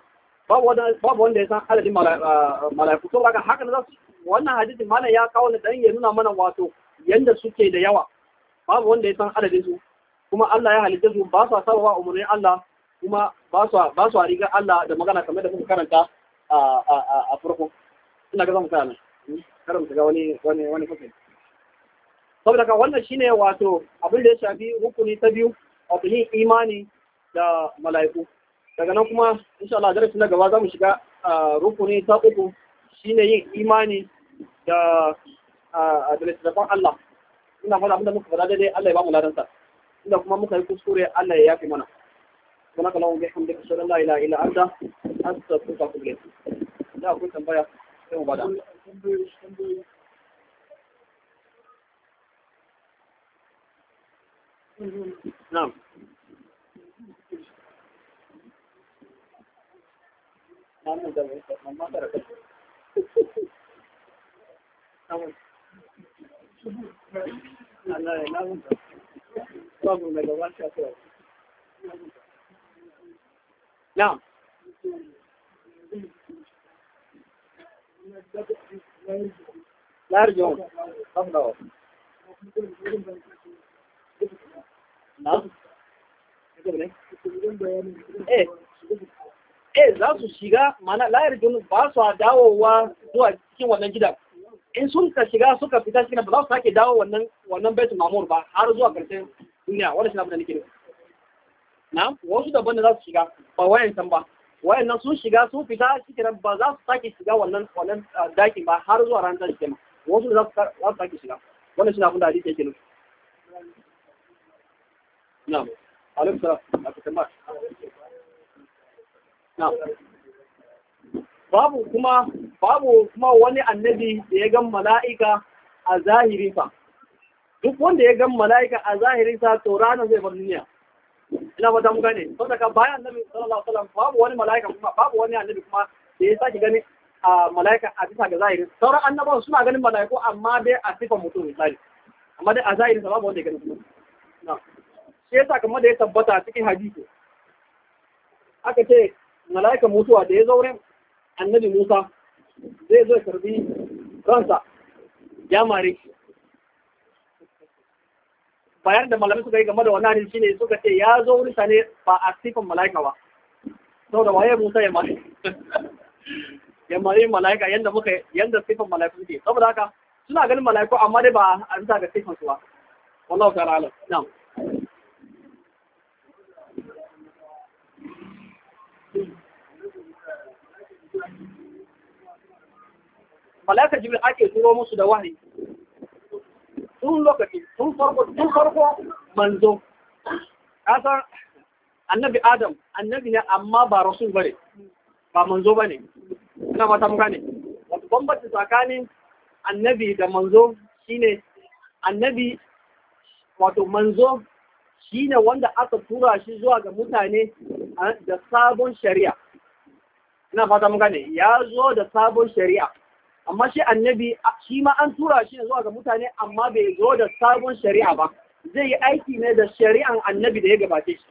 babu wanda babu wanda ya san adadin mala'iku saboda haka haka ne wannan hadisin malam ya kawo ne dan ya nuna mana wato yanda suke da yawa babu wanda ya san adadin su kuma Allah ya halitta su ba su sabawa umarnin Allah kuma ba su ba su riga Allah da magana kamar da kuka karanta a a a farko ina ga zan tsaya ga wani wani wani kake saboda ka wannan shine wato abin da ya shafi rukuni ta biyu wato yin imani da mala'iku daga nan kuma insha Allah darasi na gaba zamu shiga rukuni ta uku shine yin imani da da Allah ina fara abinda muka fada daidai Allah ya ba mu ladan sa inda kuma muka yi kuskure Allah ya yafi mana kuma kana bi hamdi da sallallahu la ilaha illa anta astaghfiruka wa atubu ilayk da ku tambaya sai mu bada Na'am. Na'am da mu amma mamma da. ka Na'am. E, لا eh eh za su shiga mana layar ba su dawowa zuwa cikin wannan gidan in sun ka shiga suka fita cikin ba za su sake dawo wannan wannan baitul mamur ba har zuwa karshen duniya wannan shine abin da nake nufi na wasu daban da za su shiga ba wayan san ba wayan nan sun shiga sun fita cikin ba za su sake shiga wannan wannan ah, dakin ba har zuwa ranar tashi kenan wasu za su sake shiga wannan shine abin da hadisi nufi Na alaikum salam a cikin ba na'am babu kuma babu kuma wani annabi da ya gan mala'ika a zahirin sa duk wanda ya gan mala'ika a zahirin sa to ranar zai bar duniya ina fata mun gane to daga bayan annabi sallallahu alaihi wasallam babu wani mala'ika kuma babu wani annabi kuma da ya saki gani a mala'ika a bisa ga zahirin sauran annabawa suna ganin mala'iku amma dai a sifan mutum misali amma dai a zahirin sa babu wanda ya gani kuma na shi yasa kamar da ya tabbata cikin hadisi aka ce mala'ika mutuwa da ya zo wurin annabi Musa zai zo karbi ransa ya mare shi bayar da malamai suka yi game da wannan shine suka ce ya zo wurin sane ba a sifan mala'ika ba saboda waye Musa ya mare ya mare mala'ika yadda muka yadda sifan mala'ika suke saboda haka suna ganin mala'iku amma dai ba a bisa ga sifan su ba wallahu ta'ala na'am malaka jibril ake turo musu da wahayi tun lokaci tun farko tun farko manzo kasar annabi adam annabi ne amma ba rasul bane ba manzo bane ina mata muka ne. wato bambanci tsakanin annabi da manzo shine annabi wato manzo shine wanda aka tura shi zuwa ga mutane eh, da sabon shari'a ina fata muka ne. ya zo da sabon shari'a amma shi annabi shi ma an tura shi zuwa ga mutane amma bai zo da sabon shari'a ba zai yi aiki ne da shari'an annabi da ya gabace shi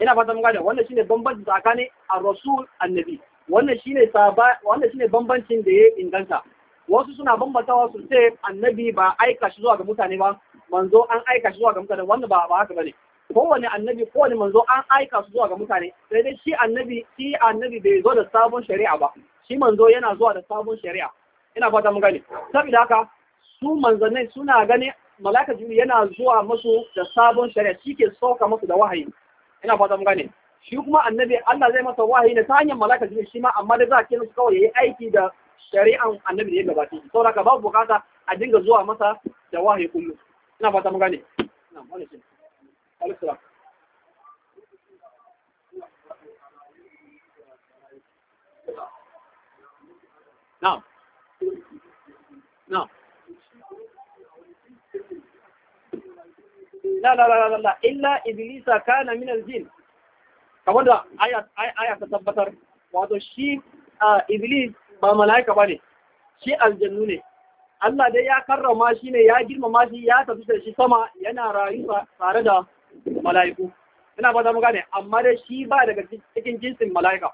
ina fata mun gane wannan shine bambanci tsakanin ar-rasul annabi wannan shine saba wannan shine bambancin da ya inganta wasu suna bambanta wasu sai annabi ba aika shi zuwa ga mutane ba manzo an aika shi zuwa ga mutane wannan ba ba haka bane kowane annabi kowane manzo an aika su zuwa ga mutane sai dai shi annabi shi annabi bai zo da sabon shari'a ba shi manzo yana zuwa da sabon shari'a ina fata mun gane saboda haka su manzannai suna gane malaka jibril yana zuwa musu da sabon shari'a shike sauka musu da wahayi ina fata mun gane shi kuma annabi Allah zai masa wahayi ne ta hanyar malaka jibril shi ma amma da za a kira su kawai yayi aiki da shari'an annabi da ya gabata saboda ka babu bukata a dinga zuwa masa da wahayi kullum ina fata mun gane Now. na la la la la la illa iblisa kana min aljin kamar da aya ta tabbatar wato shi iblis ba mala'ika bane shi aljannu ne Allah dai ya karrama shi ne ya girmama shi ya tafi da shi sama yana rayuwa tare da mala'iku ina ba za mu gane amma dai shi ba daga cikin jinsin mala'ika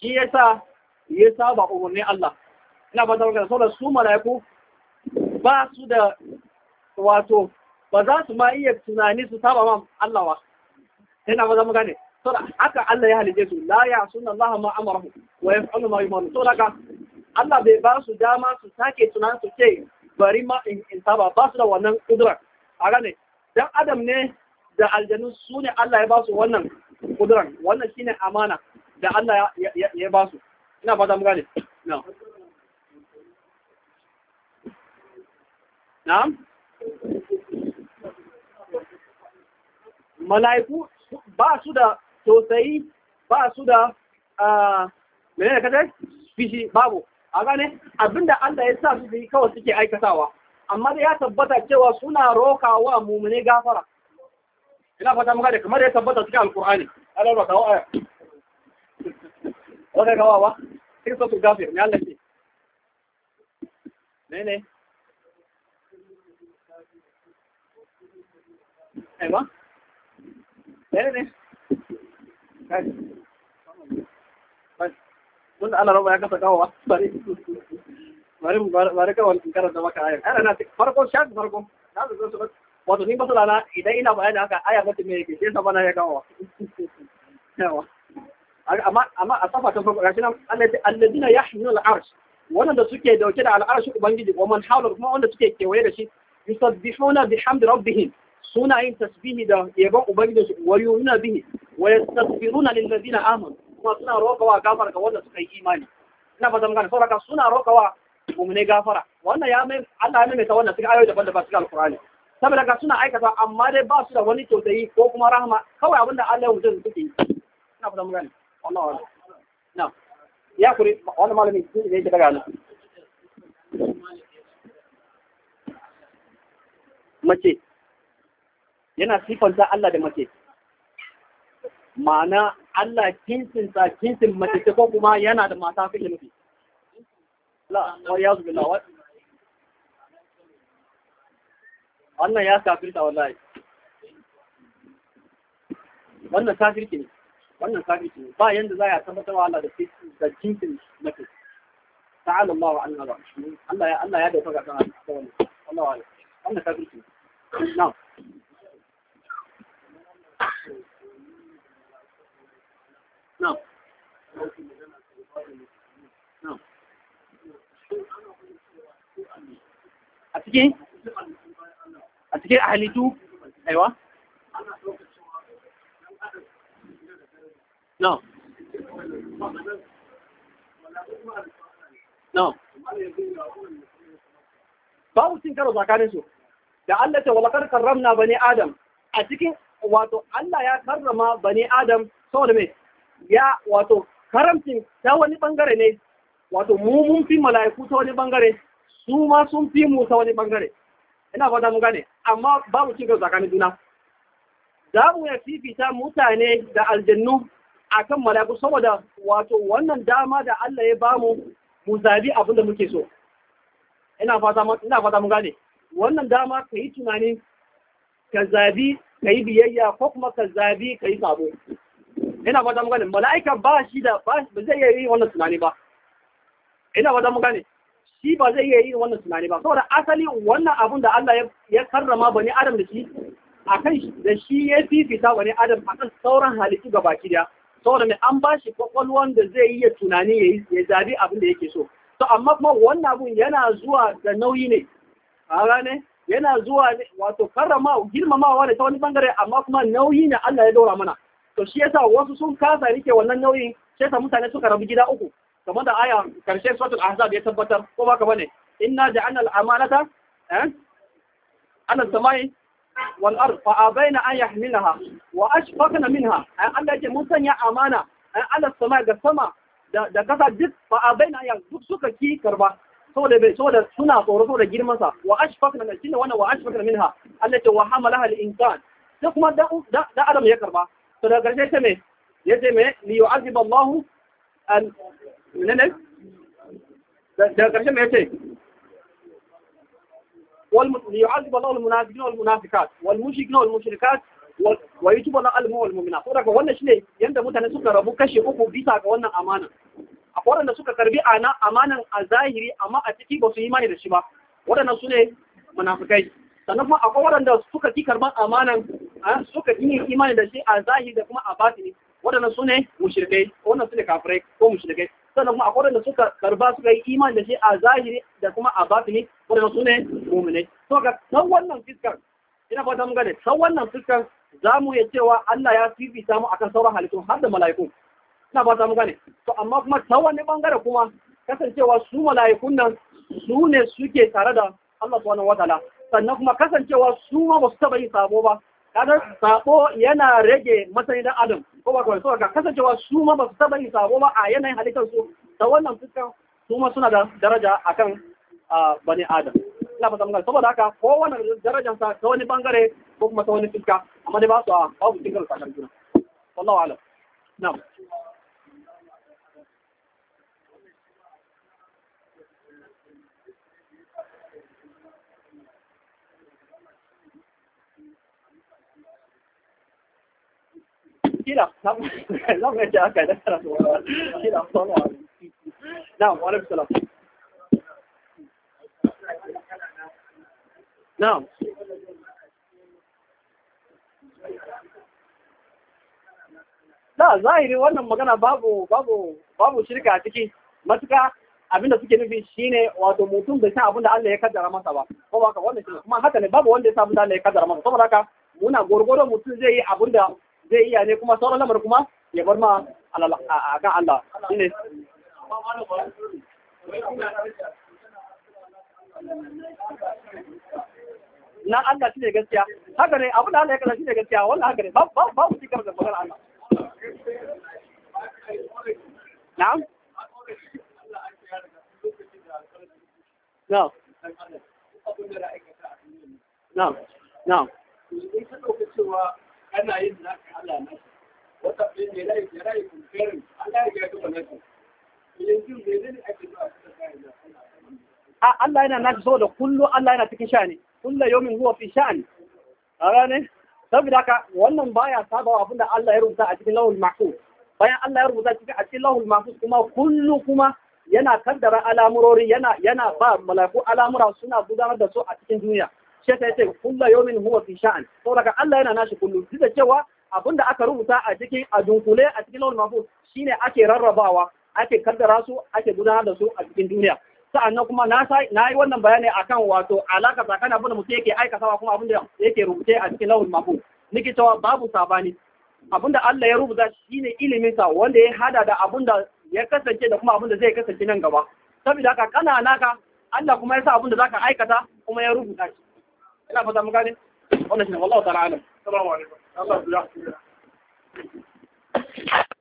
shi yasa ya saba umarnin Allah ina ba zama saboda su mala'iku ba su da wato ba za su ma iya tunani su saba ma Allah ba ina ba zama gane da haka Allah ya halice su la ya sunna Allah ma amara wa yaf'alu ma yumaru da laka Allah bai ba su dama su sake tunan su ce bari ma in saba ba su da wannan kudura a gane dan adam ne da aljanu su ne Allah ya ba su wannan kuduran wannan shine amana da Allah ya ba su ina ba mu gane na'am na'am mala'iku ba su da tausayi ba su da mene da kasar fishi babu a gane abinda Allah ya sa su yi kawai suke aikatawa amma da ya tabbata cewa suna rokawa mumune gafara ina fata muka da kamar ya tabbata cikin alkur'ani Allah ba kawo aya wanda kawawa sai su gafir ne Allah ce ne ne ايوه ايه, إيه. بس طيب. طيب. قلت انا ربع كفك اهو مباركه والانكار ده بقى عارف انا ناسك فرقه شاك فرقه لازم بس بس واضحين بس انا ايدينا بقى انا ايا بس ميكي دي طبعا هي جوه ايوه اما اما اصفى كفر عشان الذين يحملون العرش wanda suke dauke da al'arshi ubangiji wa man hawla kuma wanda suke kewaye da shi yusabbihuna bihamdi suna yin tasbihi da yaban ubangiji wa yu'minu bihi wa yastaghfiruna lil ladina amanu kuma suna rokawa gafara ga wanda suka yi imani ina fata magana, saboda saboda suna rokawa mu'mine gafara wannan ya mai Allah ya mai ta wannan suka ayoyi daban-daban suka alqur'ani saboda ka suna aikata amma dai ba su da wani tausayi ko kuma rahama kawai abinda Allah ya mutum suke yi ina fata magana. Allah wala na ya kuri wannan malami ne yake daga nan mace yana sifanta Allah da mace ma'ana Allah kinsin sa kinsin mace ce ko kuma yana da mata fi nufi la wa ya zubi la wannan ya kafirta wallahi wannan kafirki ne wannan kafirki ne ba yanda za ya tabbatar wa Allah da kinsin mace ta'ala Allah wa anna Allah ya Allah ya dauka kan Allah wannan wannan kafirki ne na'am Na'am. A cikin? A cikin a halittu? Aiwa? Babu cin karo tsakaninsu. Da Allah ta walakar karramna bani Adam a cikin wato Allah ya karrama bani Adam saboda mai ya wato karamcin ta wani bangare ne wato mu mun fi mala'iku ta wani bangare su ma sun fi mu ta wani bangare ina fata mun gane amma babu mu cika zakani juna za mu ya fifita mutane da aljannu a kan mala'iku saboda wato wannan dama da Allah ya bamu mu zabi abin da muke so ina fata ina fata mun gane wannan dama ka yi tunani ka zabi ka yi biyayya ko kuma ka zabi ka yi sabo ina fata mu gane mala'ika ba shi da ba zai iya wannan tunani ba ina fata mu gane shi ba zai iya wannan tunani ba saboda asali wannan abun da Allah ya karrama bani Adam da shi akan da shi ya fifita bani Adam akan sauran halittu ga baki da saboda mai an ba shi kwakwalwan da zai iya tunani ya zabi abin da yake so to amma kuma wannan abun yana zuwa da nauyi ne a ne yana zuwa wato karrama girmamawa da ta wani bangare amma kuma nauyi ne Allah ya daura mana to shi yasa wasu sun kasa rike wannan nauyin sai sa mutane suka rabu gida uku kamar da aya karshen suratul ahzab ya tabbatar ko ba ka bane inna ja'alna al-amanata eh ana samai wal ard fa abaina an yahmilaha wa ashfaqna minha ai eh, Allah yake mun sanya amana ai eh, Allah sama ga sama da da kasa duk fa abaina ya duk suka ki karba saboda bai saboda suna tsoro saboda girman sa wa ashfaqna min shine wannan wa ashfaqna minha Allah ta wa hamalaha al-insan Sai kuma da da adam ya karba to daga karshe ta me yace me li yu'azib Allah al menene daga karshe me yace ليعذب الله المنافقين والمنافقات والمشركين والمشركات ويتوب الله المؤمن والمؤمنات Ko daga wannan shine yanda mutane suka rabu kashi uku bisa ga wannan amana akwai wanda suka karbi ana amanan a zahiri amma a ciki ba su yi imani da shi ba waɗannan su ne munafikai sannan kuma akwai waɗanda suka ji karɓar amanan ah, suka yin imanin da shi a zahiri da kuma a batini waɗanda su ne mushrikai waɗanda su ne kafirai ko mushrikai sannan kuma akwai waɗanda suka karɓa suka yi imanin da shi a zahiri da kuma a batini waɗanda su ne mummunai? to ga san wannan fiskar ina fata mun gane san wannan fiskar za mu iya cewa Allah ya fifita mu akan sauran halittu har da mala'iku ina fata mun gane to amma kuma ta wani bangare kuma kasancewa su mala'ikun nan su ne suke tare da Allah subhanahu wataala sannan kuma kasancewa su ma ba su taba yi sabo ba kada sabo yana rage matsayin dan adam ko ba kawai saboda kasancewa su ma ba su taba yi sabo ba a yanayin halittar su ta wannan fuskan su ma suna da daraja akan bani adam ina fata mun saboda haka ko wannan darajar sa ta wani bangare ko kuma ta wani fuska amma dai ba su a babu dingar sa kan juna wallahu alam na'am kila za a yi aka da kila na na da zahiri wannan magana babu babu babu shirka a ciki matuka abinda suke nufi shine wato mutum bai san abinda Allah ya kaddara masa ba ko ba ka wannan kuma haka ne babu wanda ya san abinda Allah ya kaddara masa saboda haka muna gorgoro mutum zai yi abinda zai iya ne kuma sauran lamar kuma ya bar ma a kan Allah shi ne na Allah shi ne gaskiya haka ne abin da Allah ya kalla shi ne gaskiya wannan haka ne ba mu cikar da magana Allah na'am na'am na'am na'am kana yin naka Allah na wata ɗin ne rai da rai kunkarin Allah ya gaba naka yanzu ne ne ake zuwa cikin kayan Allah yana naka saboda kullu Allah yana cikin sha'ani kullu yawmin huwa fi sha'ani a ranar saboda haka wannan baya saba abin da Allah ya rubuta a cikin lahul mahfuz bayan Allah ya rubuta cikin a cikin lahul mahfuz kuma kullu kuma yana kaddara al'amurori yana yana ba malaku al'amura suna gudanar da su a cikin duniya shi ta yace kullu yawmin huwa fi sha'an saboda Allah yana nashi kullum duk da cewa abinda aka rubuta a cikin a dunkule a cikin lawul mahfuz shine ake rarrabawa ake kaddara su ake gudanar da su a cikin duniya sa'annan kuma na na yi wannan bayani akan wato alaka tsakanin abin da mutum yake aikatawa kuma abin da yake rubuce a cikin lawan mafu nake cewa babu sabani abin da Allah ya rubuta shine ilimin sa wanda ya hada da abin da ya kasance da kuma abin da zai kasance nan gaba saboda haka kana naka Allah kuma ya sa abin da zaka aikata kuma ya rubuta shi ina fata mu gane wannan shi ne wallahu ta'ala alam assalamu alaikum Allah ya